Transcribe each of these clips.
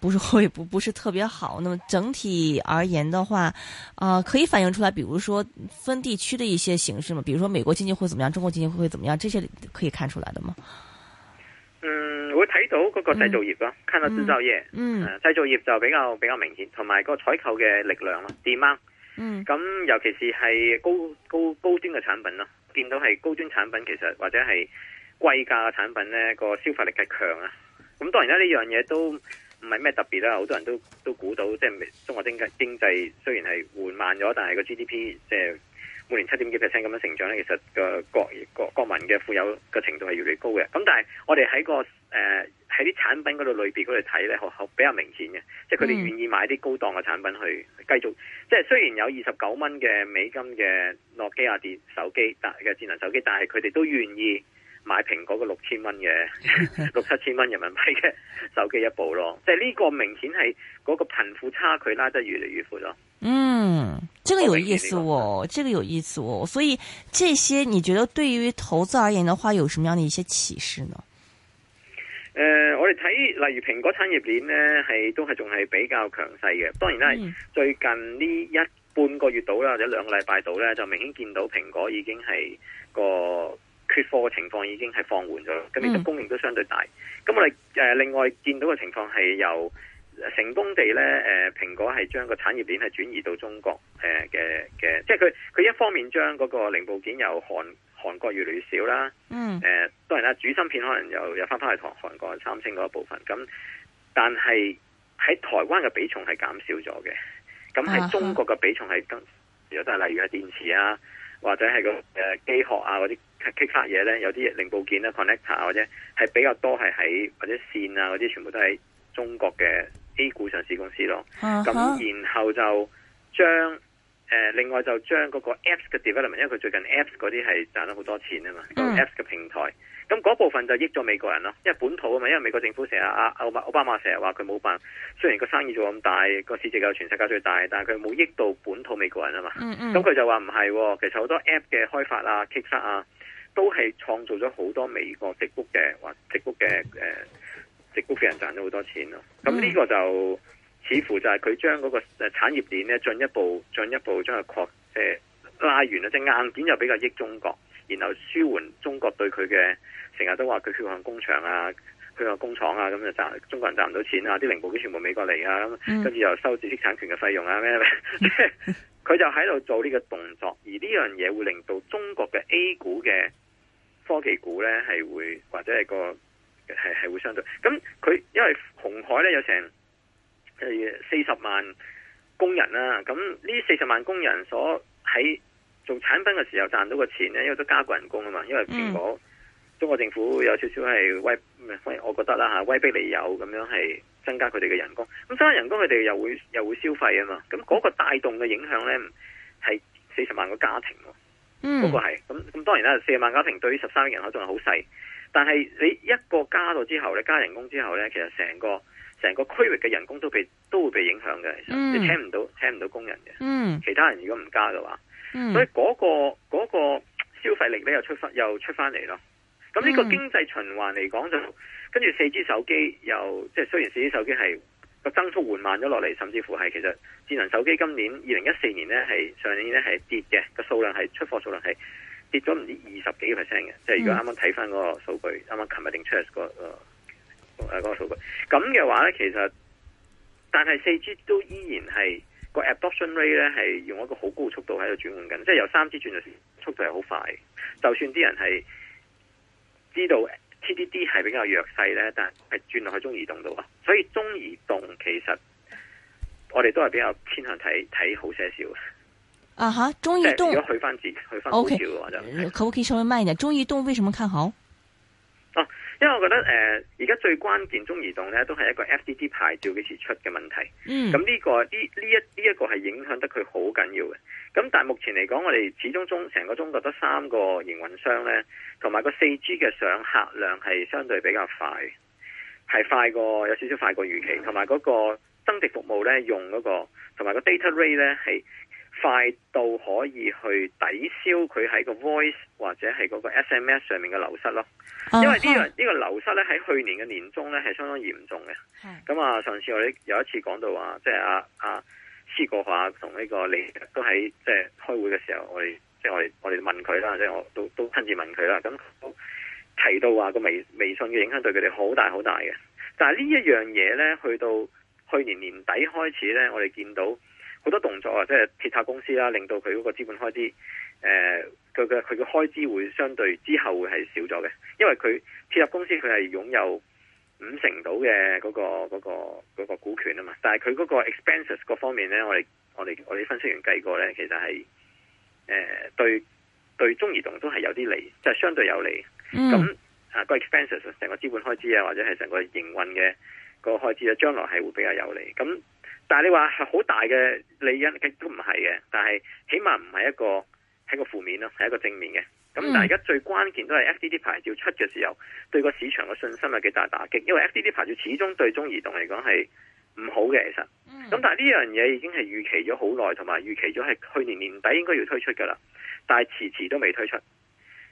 不是會不是不是特別好，那麼整體而言的話，啊、呃、可以反映出來，比如說分地區的一些形勢嘛，比如說美國經濟會怎麼樣，中國經濟會怎麼樣，這些可以看出來的嗎？嗯，會睇到嗰個製造業咯、啊，嗯、看到製造業，嗯、啊，製造業就比較比較明顯，同埋個採購嘅力量咯 demand 嗯，咁、嗯、尤其是係高高高端嘅產品咯、啊，見到係高端產品其實或者係貴價嘅產品咧、個消費力係強啊，咁當然啦呢樣嘢都。唔係咩特別啦，好多人都都估到，即係中國經濟經濟雖然係緩慢咗，但係個 GDP 即係每年七點幾 percent 咁樣成長咧，其實個國國國民嘅富有嘅程度係越嚟越高嘅。咁但係我哋喺個誒喺啲產品嗰度類別嗰度睇咧，學校比較明顯嘅，即係佢哋願意買啲高檔嘅產品去繼續。即係雖然有二十九蚊嘅美金嘅諾基亞電手機，但嘅智能手機，但係佢哋都願意。買蘋果個六千蚊嘅 六七千蚊人民幣嘅手機一部咯，即係呢個明顯係嗰個貧富差距拉得越嚟越闊咯。嗯，這個有意思哦，這個、這個有意思哦。嗯、所以這些你覺得對於投資而言的話，有什麼樣的一些啟示呢？誒、呃，我哋睇例如蘋果產業鏈呢，係都係仲係比較強勢嘅。當然啦，嗯、最近呢一半個月到啦，或者兩個禮拜到咧，就明顯見到蘋果已經係個。缺貨嘅情況已經係放緩咗，咁而且供應都相對大。咁、嗯、我哋誒、呃、另外見到嘅情況係由成功地咧，誒蘋、嗯呃、果係將個產業鏈係轉移到中國誒嘅嘅，即係佢佢一方面將嗰個零部件由韓韓國越嚟越少啦，誒、嗯呃、當然啦，主芯片可能又又翻翻去台韓國的三星嗰一部分。咁但係喺台灣嘅比重係減少咗嘅，咁喺中國嘅比重係跟，如果都係例如係電池啊，或者係個誒機殼啊啲。那些 K i 卡嘢咧，有啲零部件啦，connector 或者係比較多係喺或者線啊，嗰啲全部都係中國嘅 A 股上市公司咯。咁、uh huh. 然後就將、呃、另外就將嗰個 Apps 嘅 development，因為佢最近 Apps 嗰啲係賺咗好多錢啊嘛，咁 Apps 嘅平台。咁、那、嗰、個、部分就益咗美國人咯，因為本土啊嘛，因為美國政府成日阿奧巴奧巴馬成日話佢冇辦，雖然個生意做咁大，個市值夠全世界最大，但佢冇益到本土美國人啊嘛。咁佢、uh huh. 就話唔係，其實好多 App 嘅開發啊，K 卡，卡啊。都係創造咗好多美國直股嘅或直股嘅誒直股嘅人賺咗好多錢咯。咁呢、mm. 個就似乎就係佢將嗰個誒產業鏈咧進一步進一步將佢擴誒拉完啦。即、那個、硬件就比較益中國，然後舒緩中國對佢嘅成日都話佢血汗工場啊，血汗工廠啊，咁、啊、就賺中國人賺唔到錢啊，啲零部件全部美國嚟啊，跟住又收知識產權嘅費用啊，咩咩？佢就喺度做呢個動作，而呢樣嘢會令到中國嘅 A 股嘅。科技股咧係會或者係個係係會相對咁，佢因為鴻海咧有成係四十萬工人啦、啊，咁呢四十萬工人所喺做產品嘅時候賺到嘅錢咧，因為都加過人工啊嘛，因為蘋果、mm. 中國政府有少少係威，我覺得啦吓，威逼利誘咁樣係增加佢哋嘅人工，咁增加人工佢哋又會又會消費啊嘛，咁嗰個帶動嘅影響咧係四十萬個家庭、啊。嗯、個係咁咁，當然啦，四萬家庭對於十三億人口仲係好細，但係你一個加咗之後咧，加人工之後咧，其實成個成個區域嘅人工都被都會被影響嘅，嗯、其實你聽唔到聽唔到工人嘅，嗯、其他人如果唔加嘅話，嗯、所以嗰個嗰個消費力咧又出翻又出翻嚟咯。咁呢個經濟循環嚟講就，嗯、跟住四 G 手機又即係雖然四 G 手機係。增速緩慢咗落嚟，甚至乎係其實智能手機今年二零一四年呢，係上年呢，係跌嘅個數量係出貨數量係跌咗唔知二十幾個 percent 嘅，即係、嗯、如果啱啱睇翻嗰個數據，啱啱琴日定出嚟、嗰個嗰、嗰個數據，咁嘅話呢，其實，但係四 G 都依然係個 adoption rate 呢，係用一個好高速度喺度轉換緊，即、就、係、是、由三 G 轉到四，速度係好快，就算啲人係知道。TDD 係比較弱勢咧，但係轉落去中移動度啊，所以中移動其實我哋都係比較偏向睇睇好些少啊吓，uh、huh, 中移動如果去翻字，去翻股票嘅話 Okay. 就看可唔可以稍微慢一點？中移動為什麼看好？啊？因為我覺得誒，呃、而家最關鍵中移動咧都係一個 FDD 牌照幾時出嘅問題。嗯。咁呢個呢呢一呢一個係影響得佢好緊要嘅。咁但係目前嚟講，我哋始終中成個中國得三個營運商咧，同埋個四 G 嘅上客量係相對比較快，係快過有少少快過預期，同埋嗰個增值服務咧用嗰個，同埋個 data rate 咧係。快到可以去抵消佢喺個 voice 或者係嗰個 sms 上面嘅流失咯，因為呢個呢個流失咧喺去年嘅年中咧係相當嚴重嘅。咁啊，上次我哋有一次講到話、啊，即係阿阿奚國華同呢個李都喺即係開會嘅時候我、就是我，我哋即係我哋我哋問佢啦，即係我都都親自問佢啦，咁提到話個微微信嘅影響對佢哋好大好大嘅。但係呢一樣嘢咧，去到去年年底開始咧，我哋見到。好多動作啊，即係鐵塔公司啦，令到佢嗰個資本開支，誒，佢嘅佢嘅開支會相對之後會係少咗嘅，因為佢鐵塔公司佢係擁有五成度嘅嗰個嗰個嗰個股權啊嘛，但係佢嗰個 expenses 嗰方面咧，我哋我哋我哋分析員計過咧，其實係誒對對中移動都係有啲利，即係相對有利。咁啊，嗯，個 expenses 成個資本開支啊，或者係成個營運嘅個開支啊，將來係會比較有利咁。但係你話係好大嘅利益亦都唔係嘅，但係起碼唔係一個係個負面咯，係一個正面嘅。咁但係而家最關鍵都係 FDD 牌照出嘅時候，對個市場嘅信心有幾大打擊，因為 FDD 牌照始終對中移動嚟講係唔好嘅，其實。咁但係呢樣嘢已經係預期咗好耐，同埋預期咗係去年年底應該要推出噶啦，但係遲遲都未推出。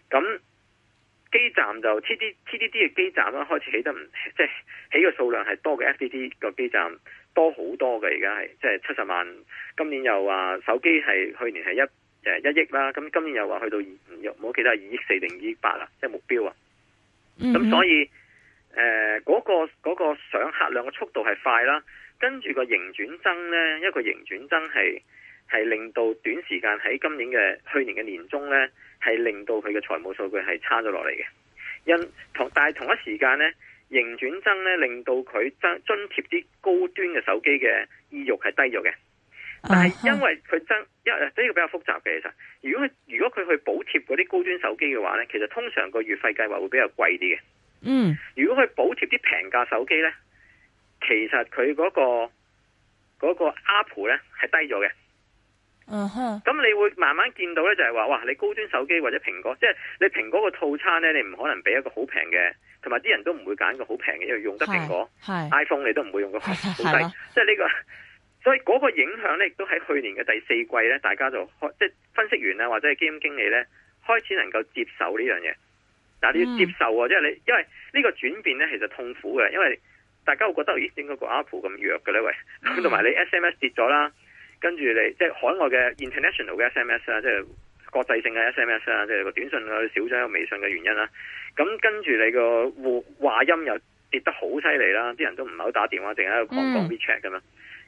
咁基站就 TD TDD 嘅基站啦，開始起得唔即係起嘅數量係多過 FDD 個基站。多好多嘅，而家係，即係七十萬。今年又話手機係去年係一誒一億啦，咁今年又話去到二冇記得係二億四定二億八啦，即係目標啊。咁、mm hmm. 所以誒嗰、呃嗰個、嗰個上客量嘅速度係快啦，跟住個營轉增呢，一個營轉增係係令到短時間喺今年嘅去年嘅年中呢，係令到佢嘅財務數據係差咗落嚟嘅。因同但係同一時間呢。營轉增咧，令到佢增津貼啲高端嘅手機嘅意欲係低咗嘅，但係因為佢增，因為呢個比較複雜嘅其實，如果佢如果佢去補貼嗰啲高端手機嘅話咧，其實通常個月費計劃會比較貴啲嘅。嗯，mm. 如果佢補貼啲平價手機咧，其實佢嗰、嗰個嗰、嗰個 app 咧係低咗嘅。嗯哼，咁你會慢慢見到呢，就係話哇，你高端手機或者蘋果，即係你蘋果個套餐呢，你唔可能俾一個好平嘅，同埋啲人都唔會揀一個好平嘅，因為用得蘋果，iPhone 你都唔會用個好細，即係呢、這個，所以嗰個影響呢，亦都喺去年嘅第四季呢，大家就開即係分析員啊，或者係基金經理呢，開始能夠接受呢樣嘢。但係你要接受啊，嗯、即係你因為呢個轉變呢，其實痛苦嘅，因為大家會覺得咦，點解個 Apple 咁弱嘅呢？喂，咁同埋你 SMS 跌咗啦。嗯跟住你即係海外嘅 international 嘅 SMS 啊，即係國際性嘅 SMS 啊，即係個短信啊，少咗有微信嘅原因啦。咁、啊、跟住你個話音又跌得好犀利啦，啲人都唔係好打電話，淨係喺度講講 WeChat 咁啊。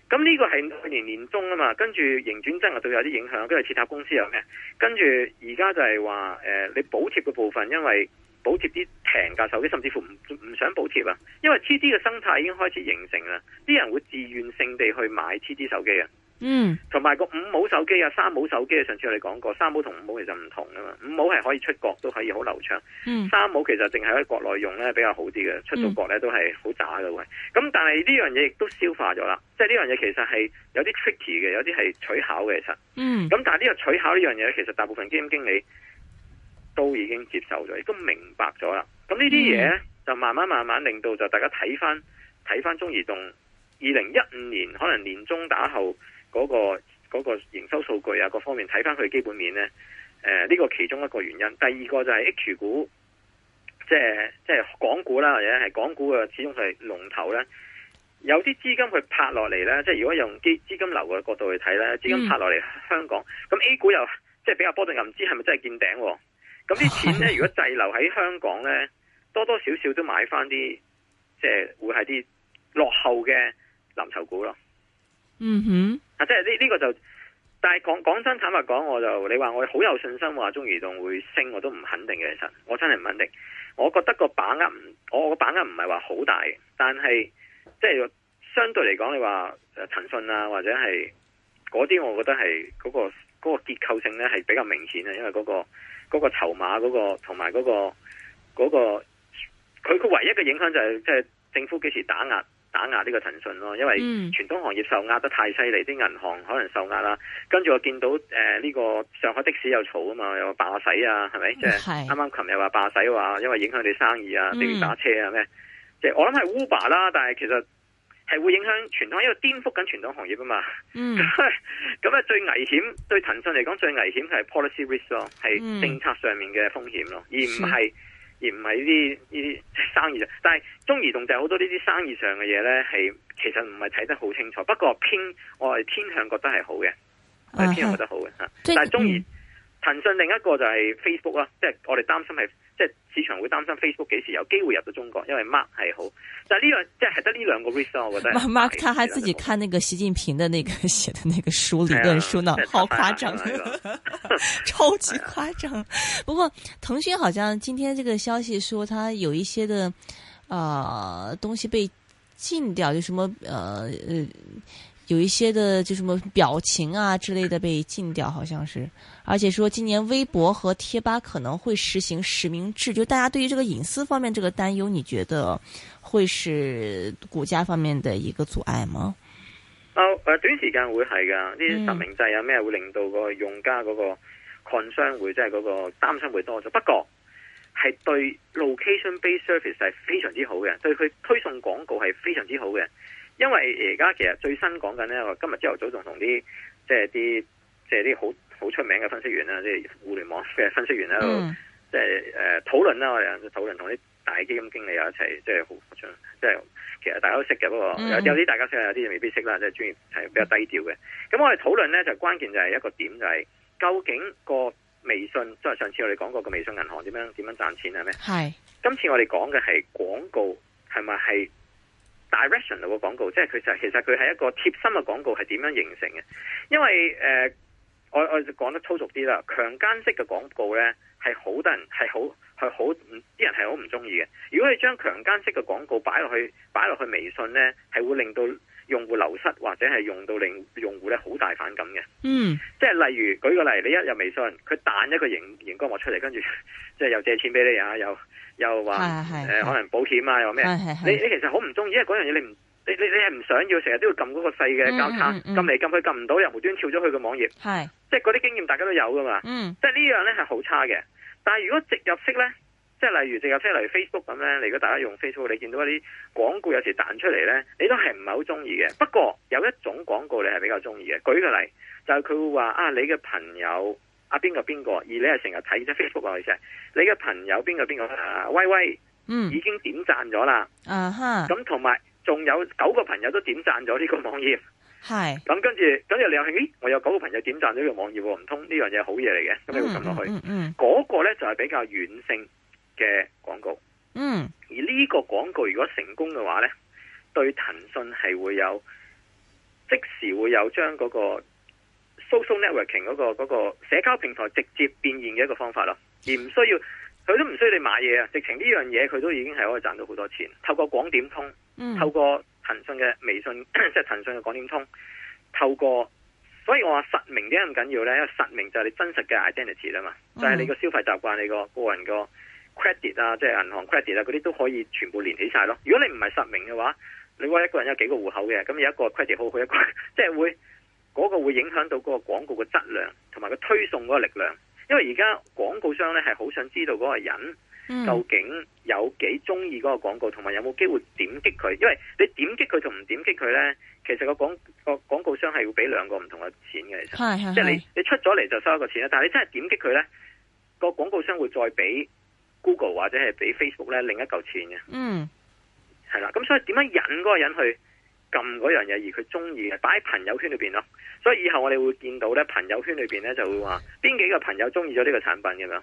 咁呢個係去年年中啊嘛，跟住營轉增啊對有啲影響，跟住設塔公司又咩？跟住而家就係話誒，你補貼嘅部分，因為補貼啲平價手機，甚至乎唔唔想補貼啊，因為 T D 嘅生態已經開始形成啦，啲人會自願性地去買 T D 手機啊。嗯，同埋個五模手機啊，三模手機啊，上次我哋講過，三模同五模其實唔同噶嘛。五模係可以出國，都可以好流暢。三模、嗯、其實淨係喺國內用咧比較好啲嘅，出到國咧都係好渣嘅喂，咁、嗯、但係呢樣嘢亦都消化咗啦，即係呢樣嘢其實係有啲 tricky 嘅，有啲係取巧嘅其實。嗯，咁但係呢個取巧呢樣嘢，其實大部分基金經理都已經接受咗，亦都明白咗啦。咁呢啲嘢咧，就慢慢慢慢令到就大家睇翻睇翻中移動二零一五年可能年中打後。嗰個嗰個營收數據啊，各方面睇翻佢基本面呢，誒呢個其中一個原因。第二個就係 H 股，即係即係港股啦，或者係港股嘅始終係龍頭呢，有啲資金去拍落嚟呢，即係如果用基資金流嘅角度去睇呢，資金拍落嚟香港，咁，嗯，A 股又即係比較波動，唔知係咪真係見頂哦。咁啲錢呢，如果滯留喺香港呢，多多少少都買翻啲，即係會係啲落後嘅藍籌股咯。嗯哼，啊，即係呢呢個就，但係講講真，坦白講，我就你話我好有信心話中移動會升，我都唔肯定嘅。其實我真係唔肯定，我覺得個把握唔，我個把握唔係話好大。但係即係相對嚟講，你話騰訊啊或者係嗰啲，我覺得係嗰個嗰個結構性咧係比較明顯嘅，因為嗰個嗰個籌碼嗰個同埋嗰個嗰個，佢佢唯一嘅影響就係即係政府幾時打壓。打壓呢個騰訊咯，因為傳統行業受壓得太犀利，啲銀、嗯、行可能受壓啦。跟住我見到誒呢、呃這個上海的士又吵啊嘛，又罷駛啊，係咪？即係啱啱琴日話罷駛話，因為影響你生意啊，比如打車啊咩。即係、嗯就是、我諗係 Uber 啦，但係其實係會影響傳統，因為顛覆緊傳統行業啊嘛。咁咧、嗯、 最危險對騰訊嚟講最危險係 policy risk 咯、啊，係政策上面嘅風險咯，而唔係。而唔係呢啲呢啲生意上，但係中移動就係好多呢啲生意上嘅嘢咧，係其實唔係睇得好清楚。不過偏我係偏向覺得係好嘅，係、啊、偏向覺得好嘅嚇。啊、但係中移、嗯、騰訊另一個就係 Facebook 啦，即係我哋擔心係。即係市場會擔心 Facebook 幾時有機會入到中國，因為 Mark 係好。但呢兩即係得呢兩個 risk，我覺得。Mark，他還自己看那個習近平的那個寫的那個書理論書呢，嗯、好誇張，嗯、 超級誇張。嗯、 不過騰訊好像今天這個消息，說他有一些的，啊、呃，東西被禁掉，就是、什麼，呃，呃。有一些的就什麼表情啊之類的被禁掉，好像是。而且說今年微博和貼吧可能會實行實名制，就大家對於這個隱私方面這個擔憂，你覺得會是股價方面的一個阻礙嗎？啊啊、哦呃，短時間會係噶，呢啲實名制有咩會令到嗰個用家嗰個 concern 會即係嗰個擔心會多咗。不過係對 location-based service 係非常之好嘅，對佢推送廣告係非常之好嘅。因為而家其實最新講緊呢，我今日朝頭早仲同啲即係啲即係啲好好出名嘅分析員啦，即、就、係、是、互聯網嘅分析員喺度，即係誒討論啦，就是呃、我哋討論同啲大基金經理呀一齊，即係好即係其實大家都識嘅，不過有有啲大家識，有啲未必識啦，即係專業係比較低調嘅。咁、嗯、我哋討論呢，就關鍵就係一個點就係、是、究竟個微信，即、就、係、是、上次我哋講過個微信銀行點樣點樣賺錢係咩？係是。今次我哋講嘅係廣告係咪係？是 direction 度嘅廣告，即係佢實其實佢係一個貼心嘅廣告，係點樣形成嘅？因為誒、呃，我我講得粗俗啲啦，強姦式嘅廣告咧係好多人係好係好啲人係好唔中意嘅。如果你將強姦式嘅廣告擺落去擺落去微信咧，係會令到。用戶流失或者係用到令用戶咧好大反感嘅，嗯，即係例如舉個例，你一入微信，佢彈一個熒熒光幕出嚟，跟住即係又借錢俾你啊，又又話誒可能保險啊，又咩？你你其實好唔中意，因為嗰樣嘢你唔你你你係唔想要，成日都要撳嗰個細嘅交叉撳嚟撳去撳唔到，又無端跳咗去個網頁，係是，即係嗰啲經驗大家都有噶嘛，嗯，即係呢樣咧係好差嘅，但係如果植入式咧。即係例如淨係聽嚟 Facebook 咁咧，如，book, 如果大家用 Facebook，你見到啲廣告有時彈出嚟咧，你都係唔係好中意嘅。不過有一種廣告你係比較中意嘅，舉個例就係、是、佢會話啊，你嘅朋友啊，邊個邊個，而你係成日睇啲 Facebook 嗰啲嘢，你嘅朋友邊個邊個、啊，威威嗯已經點讚咗啦，啊哈，咁同埋仲有九個朋友都點讚咗呢個網頁，係咁是跟住跟住你又咦，我有九個朋友點讚咗呢個網頁，唔通呢樣嘢好嘢嚟嘅？咁你會撳落去，嗰、嗯嗯嗯嗯、個咧就係比較軟性嘅廣告，嗯，而呢個廣告如果成功嘅話呢，對騰訊係會有即時會有將嗰個 social networking 嗰個嗰個社交平台直接變現嘅一個方法咯，而唔需要佢都唔需要你買嘢啊，直情呢樣嘢佢都已經係可以賺到好多錢。透過廣點通，嗯、透過騰訊嘅微信即係騰訊嘅廣點通，透過，所以我話實名點解咁緊要呢？因為實名就係你真實嘅 identity 啊嘛，就係你個消費習慣，你個個人個。credit 啊，即係銀行 credit 啊，嗰啲都可以全部連起晒咯。如果你唔係實名嘅話，你話一個人有幾個戶口嘅，咁有一個 credit 好好。一個即係、即係、會嗰個會影響到嗰個廣告嘅質量同埋個推送嗰個力量。因為而家廣告商咧係好想知道嗰個人究竟有幾中意嗰個廣告，同埋有冇機會點擊佢。因為你點擊佢同唔點擊佢咧，其實個廣個廣告商係會俾兩個唔同嘅錢嘅，其實即係你你出咗嚟就收一個錢啦。但係你真係點擊佢咧，個廣告商會再俾。Google 或者係畀 Facebook 咧，另一嚿錢嘅，嗯，係啦，咁所以點樣引嗰個人去撳嗰樣嘢，而佢中意，擺喺朋友圈裏面咯。所以以後我哋會見到咧，朋友圈裏面咧就會話邊幾個朋友中意咗呢個產品咁樣。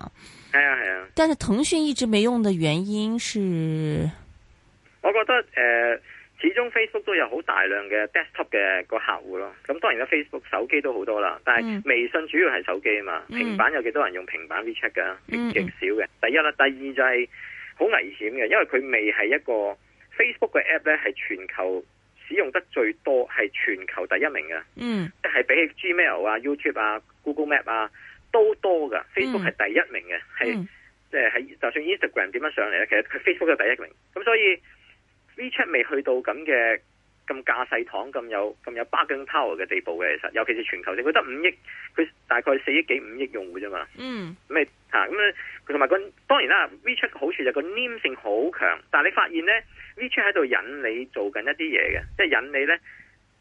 係啊係啊，是啊，但是騰訊一直沒用的原因是，我覺得誒、呃，始終 Facebook 都有好大量嘅 desktop 嘅個客戶咯。咁當然啦，Facebook 手機都好多啦，但係微信主要係手機啊嘛，嗯、平板有幾多人用平板 WeChat 噶？嗯，極少嘅。第一啦，第二就係好危險嘅，因為佢未係一個 Facebook 嘅 app 咧，係全球使用得最多，係全球第一名嘅。嗯，即係比起 Gmail 啊、YouTube 啊、Google Map 啊。都多噶，Facebook 係第一名嘅，係即係喺就算 Instagram 點樣上嚟咧，其實佢 Facebook 係第一名。咁所以 WeChat 未去到咁嘅咁架勢堂、咁有咁有 bargain power 嘅地步嘅，其實尤其是全球性，佢得五億，佢大概四億幾五億用戶啫嘛。嗯，咩吓咁佢同埋個當然啦，WeChat 嘅好處就個黏性好強，但係你發現咧，WeChat 喺度引你做緊一啲嘢嘅，即係引你咧，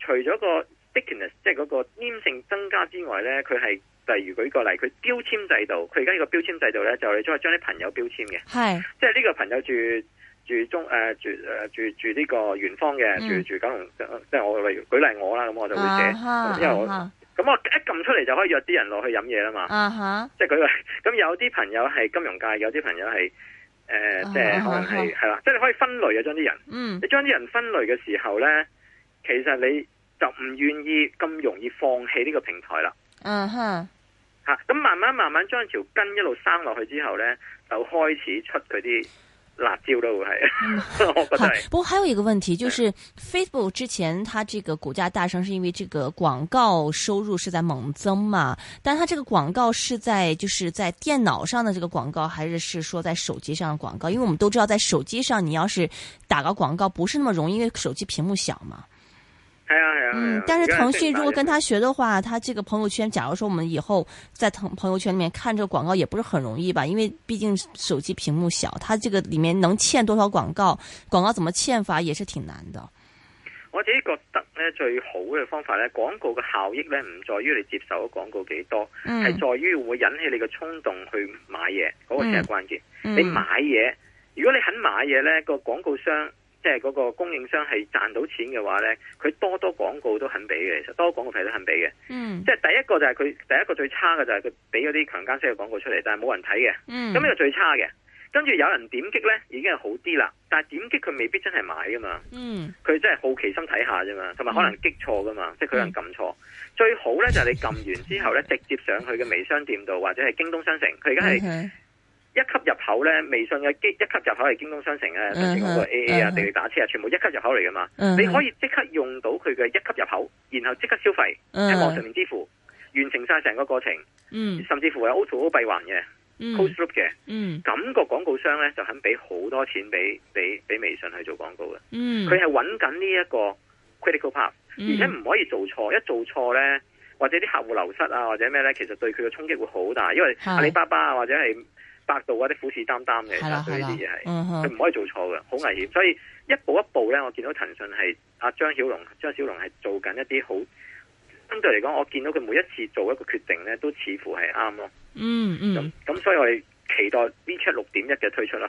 除咗個 stickiness 即係嗰個黏性增加之外咧，佢係。例如舉個例，佢標籤制度，佢而家呢個標籤制度咧，就你將將啲朋友標籤嘅，係是即係呢個朋友住住中誒住誒住住呢個元芳嘅，住住九龍，即係我例舉例我啦，咁我就會寫，啊、哈因為我咁、啊、哈我一撳出嚟就可以約啲人落去飲嘢啦嘛，啊哈！即係舉例咁有啲朋友係金融界，有啲朋友係誒，即係可能係係啦，即係你可以分類嘅將啲人，嗯、你將啲人分類嘅時候咧，其實你就唔願意咁容易放棄呢個平台啦，嗯哼、啊。咁、啊、慢慢慢慢將條根一路生落去之後呢，就開始出佢啲辣椒都會係、嗯， 我覺得係，不過還有一個問題，就是 Facebook 之前，它這個股價大升，是因為這個廣告收入是在猛增嘛？但它這個廣告是在，就是在電腦上的這個廣告，還是是說在手機上的廣告？因為我們都知道，在手機上，你要是打個廣告，不是那麼容易，因為手機屏幕小嘛。係啊，嗯，但是騰訊如果跟他學的話，他這個朋友圈，假如說我們以後在騰朋友圈裏面看這個廣告，也不是很容易吧？因為畢竟手機屏幕小，他這個裏面能嵌多少廣告，廣告怎麼嵌法也是挺難的。我自己覺得最好嘅方法呢，廣告嘅效益呢，唔在於你接受咗廣告幾多，係、嗯、在於會引起你嘅衝動去買嘢，嗰、嗯、個先係關鍵。嗯、你買嘢，如果你肯買嘢咧，那個廣告商。即係嗰個供應商係賺到錢嘅話呢，佢多多廣告都肯俾嘅，其實多廣告費都肯俾嘅。嗯，即係第一個就係佢，第一個最差嘅就係佢畀嗰啲強姦式嘅廣告出嚟，但係冇人睇嘅。嗯，呢個最差嘅。跟住有人點擊呢已經係好啲啦，但係點擊佢未必真係買噶嘛。嗯，佢真係好奇心睇下啫嘛，同埋可能激錯噶嘛，即係佢可能撳錯。嗯，最好呢就係你撳完之後呢，直接上去嘅微商店度或者係京東商城，佢而家係。嗯一級入口咧，微信嘅一級入口係京東商城啊，甚至嗰個 A A 啊，滴滴打車啊，全部一級入口嚟噶嘛。你可以即刻用到佢嘅一級入口，然後即刻消費喺網上面支付，完成晒成個過程。甚至乎係 auto 閉環嘅，close loop 嘅。咁個廣告商咧就肯俾好多錢俾俾俾微信去做廣告嘅。佢係揾緊呢一個 critical path，而且唔可以做錯。一做錯咧，或者啲客戶流失啊，或者咩咧，其實對佢嘅衝擊會好大。因為阿里巴巴啊，或者係。百度啲虎視眈眈嘅，的對呢啲嘢係，佢唔的的可以做錯嘅，好危險。所以一步一步咧，我見到騰訊係阿、啊、張小龍，張小龍係做緊一啲好相對嚟講，我見到佢每一次做一個決定咧，都似乎係啱咯。嗯嗯。咁咁，所以我哋期待 V 七六點一嘅推出啦。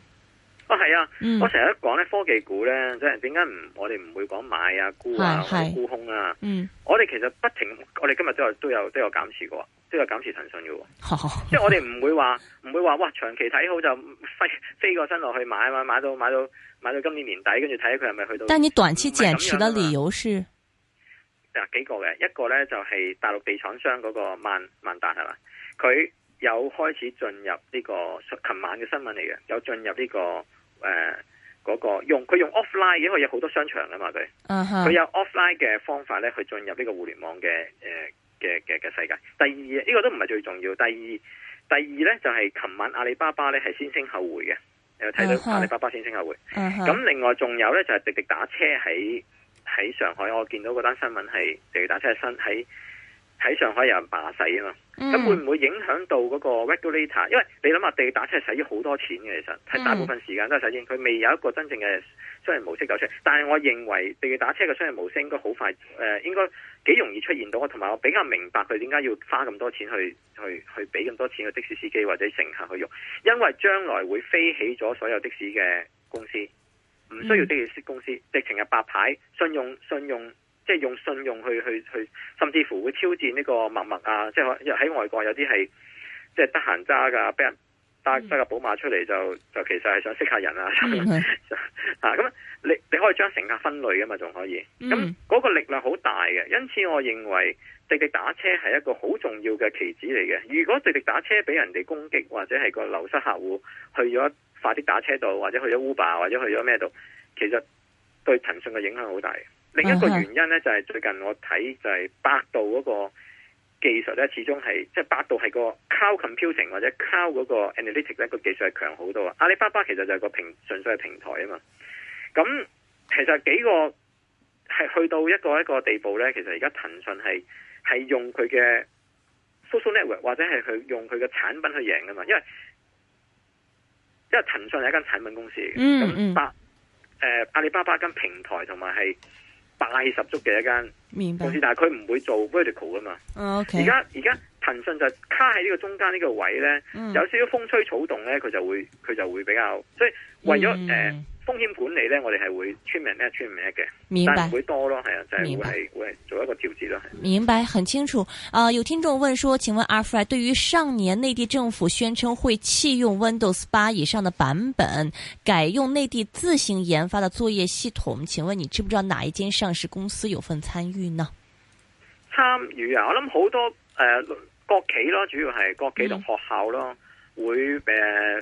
係、哦、啊！嗯、我成日都講咧，科技股咧，即係點解唔我哋唔會講買啊沽啊是是沽空啊？嗯，我哋其實不停，我哋今日都有都有都有減持過，都有減持騰訊嘅，即係 我哋唔會話唔會話哇長期睇好就飛飛過身落去買啊買買到買到買到,買到今年年底，跟住睇下佢係咪去到。但你短期減持嘅理由是，是啊幾個嘅一個咧就係大陸地產商嗰個萬萬達係啦，佢有開始進入呢、這個，琴晚嘅新聞嚟嘅有進入呢、這個。誒，呃那個用佢用 offline，因為有好多商場啊嘛，佢佢有 offline 嘅方法咧去進入呢個互聯網嘅誒嘅嘅嘅世界。第二，呢、呢個都唔係最重要。第二，第二咧就係、是、琴晚阿里巴巴咧係先升後回嘅，你有睇到阿里巴巴先升後回。咁、uh huh. uh huh. 另外仲有咧就係、是、滴滴打車喺喺上海，我見到嗰單新聞係滴滴打車喺新喺。喺喺上海有人霸洗啊嘛，咁會唔會影響到嗰個 regulator？因為你諗下地鐵打車使咗好多錢嘅，其實係大部分時間都係使錢。佢未有一個真正嘅商業模式走出，但係我認為地鐵打車嘅商業模式應該好快誒、呃，應該幾容易出現到。同埋我比較明白佢點解要花咁多錢去去去俾咁多錢嘅的士司機或者乘客去用，因為將來會飛起咗所有的士嘅公司，唔需要的士公司直情係白牌信用信用。信用即係用信用去去去，甚至乎會挑戰呢個陌陌啊！即係喺外國有啲係即係得閒揸噶，俾人揸揸架寶馬出嚟就就其實係想識下人啊！吓咁、嗯， 啊、你你可以將乘客分類噶嘛，仲可以咁嗰、嗯、個力量好大嘅。因此，我認為滴滴打車係一個好重要嘅棋子嚟嘅。如果滴滴打車俾人哋攻擊，或者係個流失客戶去咗快啲打車度，或者去咗 Uber 或者去咗咩度，其實對騰訊嘅影響好大。另一個原因咧，就係、是、最近我睇就係百度嗰個技術咧，始終係即係百度係個 cloud computing 或者 cloud 嗰個 analytics 呢個技術係強好多。阿里巴巴其實就係個平純粹係平台啊嘛。咁其實幾個係去到一個一個地步咧，其實而家騰訊係係用佢嘅 social network 或者係用佢嘅產品去贏噶嘛。因為因為騰訊係一間產品公司嚟嘅，咁百誒阿里巴巴跟平台同埋係。霸氣十足嘅一間公司，明白。但係佢唔會做 vertical 啊嘛。而家而家騰訊就卡喺呢個中間呢個位咧，嗯、有少少風吹草動咧，佢就會，佢就會比較。所以為咗誒。嗯呃風險管理咧，我哋係會全面咧，全面嘅，但唔會多咯，係啊，就係白會係會係做一個調節咯。明白，很清楚。啊、呃，有聽眾問說，請問阿 Freddie 對於上年內地政府宣稱會棄用 Windows 八以上的版本，改用內地自行研發的作業系統，請問你知唔知道哪一間上市公司有份參與呢？參與啊，我諗好多誒、呃、國企咯，主要係國企同、嗯、學校咯。會誒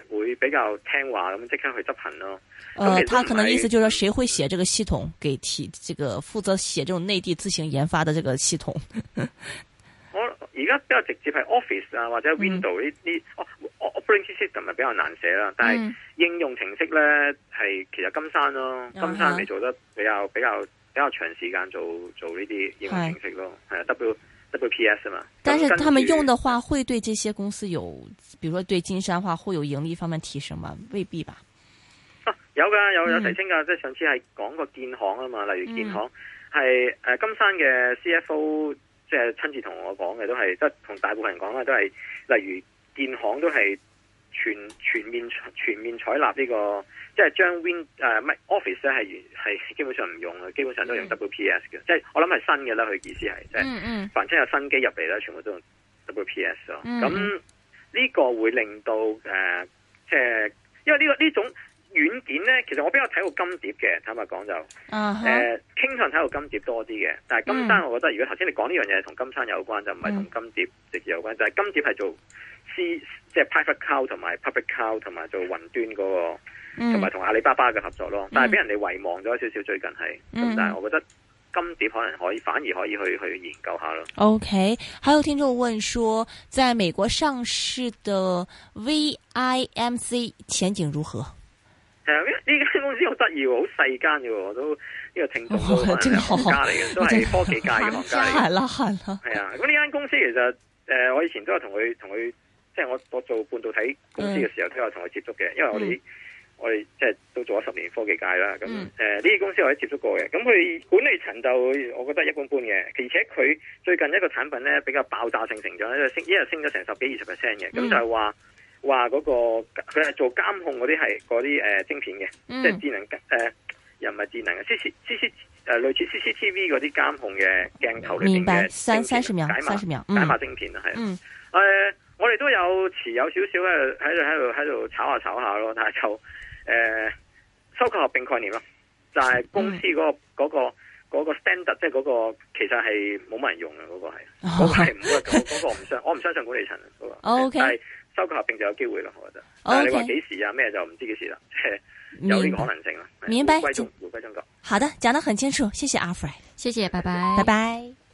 會比較聽話，咁即刻去執行咯。誒、呃，佢可能意思就是說，誰會寫這個系統？嗯、給提這個負責寫這種內地自行研發的這個系統。我而家比較直接係 Office 啊或者 Window 呢啲，嗯。哦、oh，Operating System 比較難寫啦。嗯、但係應用程式咧係其實金山咯，嗯、金山你做得比較比較、嗯、比較長時間做做呢啲應用程式咯，係啊、嗯，嗯 WPS 啊嘛？但是他們用的話，會對這些公司有，比如說對金山話，會有盈利方面提升嗎？未必吧。啊、有噶有有提升噶，即係、嗯、上次係講過建行啊嘛，例如建行係誒、嗯呃、金山嘅 CFO，即係親自同我講嘅，都係即係同大部分人講啦，都係例如建行都係。全全面全面採納呢、呢個，即係將 Win 誒、uh, 咩 Office 咧係基本上唔用嘅，基本上都用 WPS 嘅，即係、mm. 就是、我諗係新嘅啦。佢意思係即係，凡、就、係、係 mm hmm. 有新機入嚟咧，全部都用 WPS 咯。咁呢、mm hmm. 呢個會令到誒，即、呃、係、就是、因為呢、呢個呢種。軟件呢，其實我比較睇過金蝶嘅，坦白講就誒傾向睇過金蝶多啲嘅。但係金山，我覺得如果頭先你講呢樣嘢同金山有關，就唔係同金蝶直接有關。Uh huh. 就係金蝶係做私，即係 private cloud 同埋 public cloud 同埋做雲端嗰個，同埋同阿里巴巴嘅合作咯。Uh huh. 但係俾人哋遺忘咗少少，最近係咁，uh huh. 但係我覺得金蝶可能可以反而可以去去研究下咯。OK，還有聽眾說問說，說在美國上市的 VIMC 前景如何？呢間、啊、公司好得意喎，好細間嘅，我都呢、呢個聽講都係行家嚟嘅，都係科技界嘅行家嚟嘅。係啦，係係啊，咁呢間公司其實誒、呃，我以前都有同佢同佢，即係我我做半導體公司嘅時候、嗯、都有同佢接觸嘅。因為我哋、嗯、我哋即係都做咗十年科技界啦。咁誒、呢、呃、啲公司我都接觸過嘅。咁佢管理層就我覺得一般般嘅，而且佢最近一個產品咧比較爆炸性成長，咧升一日升咗成十幾二十 percent 嘅。咁就係話。嗯話嗰，那個佢係做監控嗰啲係嗰啲誒晶片嘅，嗯，即係智能誒，人物智能嘅，C C、呃、類似 C C T V 嗰啲監控嘅鏡頭裏邊嘅晶片，嗯，解碼晶片啊，係。誒、嗯呃，我哋都有持有少少嘅喺度喺度喺度炒下炒下咯，但係就誒、呃、收購合併概念咯，但係公司嗰，那個嗰，嗯，那個嗰，那個 standard，即係嗰個、那個，其實係冇乜人用嘅嗰，那個係，我係唔嗰個唔 相，我唔相信管理層嗰個。O K。合併就有機會咯，我覺得，但係話幾時啊咩就唔知幾時啦，Okay 有呢個可能性啦，明白，回歸中白國。好的，講得很清楚，謝謝 Alfred，謝謝，拜拜，拜拜。拜拜。